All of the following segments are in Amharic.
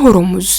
የሆሮሙዝ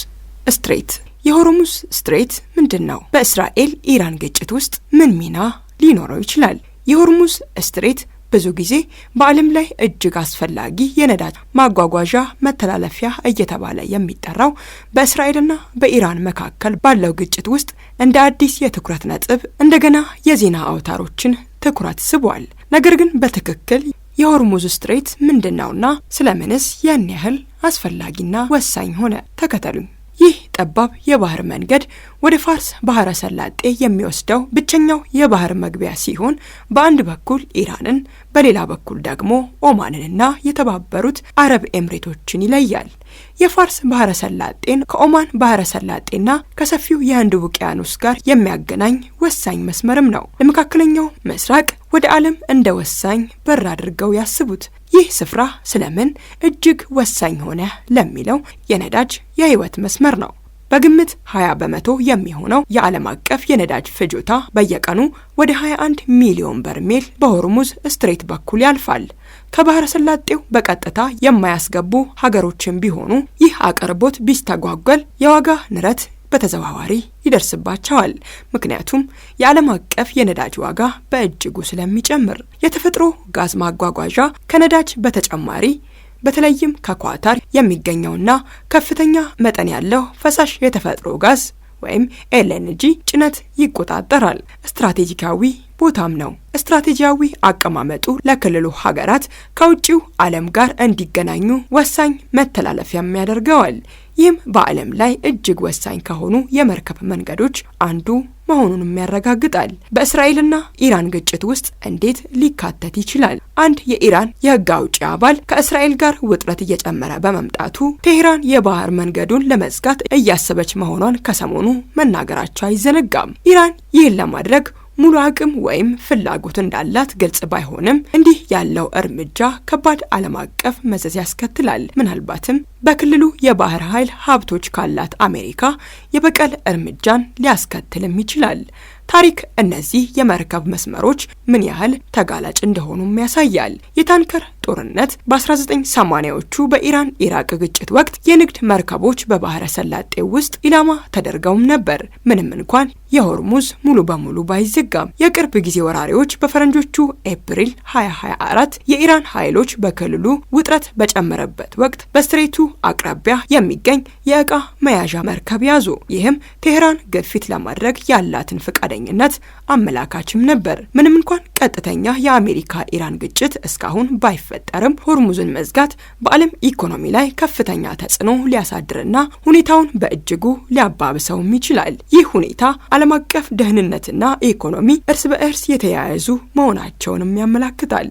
ስትሬት የሆሮሙዝ ስትሬት ምንድን ነው? በእስራኤል ኢራን ግጭት ውስጥ ምን ሚና ሊኖረው ይችላል? የሆርሙዝ ስትሬት ብዙ ጊዜ በዓለም ላይ እጅግ አስፈላጊ የነዳጅ ማጓጓዣ መተላለፊያ እየተባለ የሚጠራው በእስራኤልና በኢራን መካከል ባለው ግጭት ውስጥ እንደ አዲስ የትኩረት ነጥብ እንደገና የዜና አውታሮችን ትኩረት ስቧል። ነገር ግን በትክክል የሆርሙዝ ስትሬት ምንድን ነውና ስለምንስ ያን ያህል አስፈላጊና ወሳኝ ሆነ። ተከተሉኝ። ይህ ጠባብ የባህር መንገድ ወደ ፋርስ ባህረ ሰላጤ የሚወስደው ብቸኛው የባህር መግቢያ ሲሆን በአንድ በኩል ኢራንን በሌላ በኩል ደግሞ ኦማንንና የተባበሩት አረብ ኤምሬቶችን ይለያል። የፋርስ ባህረ ሰላጤን ከኦማን ባህረ ሰላጤና ከሰፊው የህንድ ውቅያኖስ ጋር የሚያገናኝ ወሳኝ መስመርም ነው። ለመካከለኛው ምስራቅ ወደ ዓለም እንደ ወሳኝ በር አድርገው ያስቡት። ይህ ስፍራ ስለምን እጅግ ወሳኝ ሆነ ለሚለው የነዳጅ የህይወት መስመር ነው። በግምት 20 በመቶ የሚሆነው የዓለም አቀፍ የነዳጅ ፍጆታ በየቀኑ ወደ 21 ሚሊዮን በርሜል በሆርሙዝ ስትሬት በኩል ያልፋል። ከባህረ ሰላጤው በቀጥታ የማያስገቡ ሀገሮችን ቢሆኑ ይህ አቅርቦት ቢስተጓጎል የዋጋ ንረት በተዘዋዋሪ ይደርስባቸዋል። ምክንያቱም የዓለም አቀፍ የነዳጅ ዋጋ በእጅጉ ስለሚጨምር የተፈጥሮ ጋዝ ማጓጓዣ ከነዳጅ በተጨማሪ በተለይም ከኳታር የሚገኘውና ከፍተኛ መጠን ያለው ፈሳሽ የተፈጥሮ ጋዝ ወይም ኤልኤንጂ ጭነት ይቆጣጠራል። ስትራቴጂካዊ ቦታም ነው። ስትራቴጂያዊ አቀማመጡ ለክልሉ ሀገራት ከውጭው ዓለም ጋር እንዲገናኙ ወሳኝ መተላለፊያም ያደርገዋል። ይህም በዓለም ላይ እጅግ ወሳኝ ከሆኑ የመርከብ መንገዶች አንዱ መሆኑንም ያረጋግጣል። በእስራኤልና ኢራን ግጭት ውስጥ እንዴት ሊካተት ይችላል? አንድ የኢራን የህግ አውጪ አባል ከእስራኤል ጋር ውጥረት እየጨመረ በመምጣቱ ቴሄራን የባህር መንገዱን ለመዝጋት እያሰበች መሆኗን ከሰሞኑ መናገራቸው አይዘነጋም። ኢራን ይህን ለማድረግ ሙሉ አቅም ወይም ፍላጎት እንዳላት ግልጽ ባይሆንም እንዲህ ያለው እርምጃ ከባድ ዓለም አቀፍ መዘዝ ያስከትላል። ምናልባትም በክልሉ የባህር ኃይል ሀብቶች ካላት አሜሪካ የበቀል እርምጃን ሊያስከትልም ይችላል። ታሪክ እነዚህ የመርከብ መስመሮች ምን ያህል ተጋላጭ እንደሆኑም ያሳያል። የታንከር ጦርነት በ1980ዎቹ በኢራን ኢራቅ ግጭት ወቅት የንግድ መርከቦች በባህረ ሰላጤ ውስጥ ኢላማ ተደርገውም ነበር። ምንም እንኳን የሆርሙዝ ሙሉ በሙሉ ባይዘጋም የቅርብ ጊዜ ወራሪዎች በፈረንጆቹ ኤፕሪል 2024 የኢራን ኃይሎች በክልሉ ውጥረት በጨመረበት ወቅት በስትሬቱ አቅራቢያ የሚገኝ የእቃ መያዣ መርከብ ያዙ። ይህም ቴህራን ግፊት ለማድረግ ያላትን ፈቃደኝነት አመላካችም ነበር። ምንም እንኳን ቀጥተኛ የአሜሪካ ኢራን ግጭት እስካሁን ባይፈጠርም ሆርሙዝን መዝጋት በዓለም ኢኮኖሚ ላይ ከፍተኛ ተጽዕኖ ሊያሳድርና ሁኔታውን በእጅጉ ሊያባብሰውም ይችላል። ይህ ሁኔታ ዓለም አቀፍ ደህንነትና ኢኮኖሚ እርስ በእርስ የተያያዙ መሆናቸውንም ያመላክታል።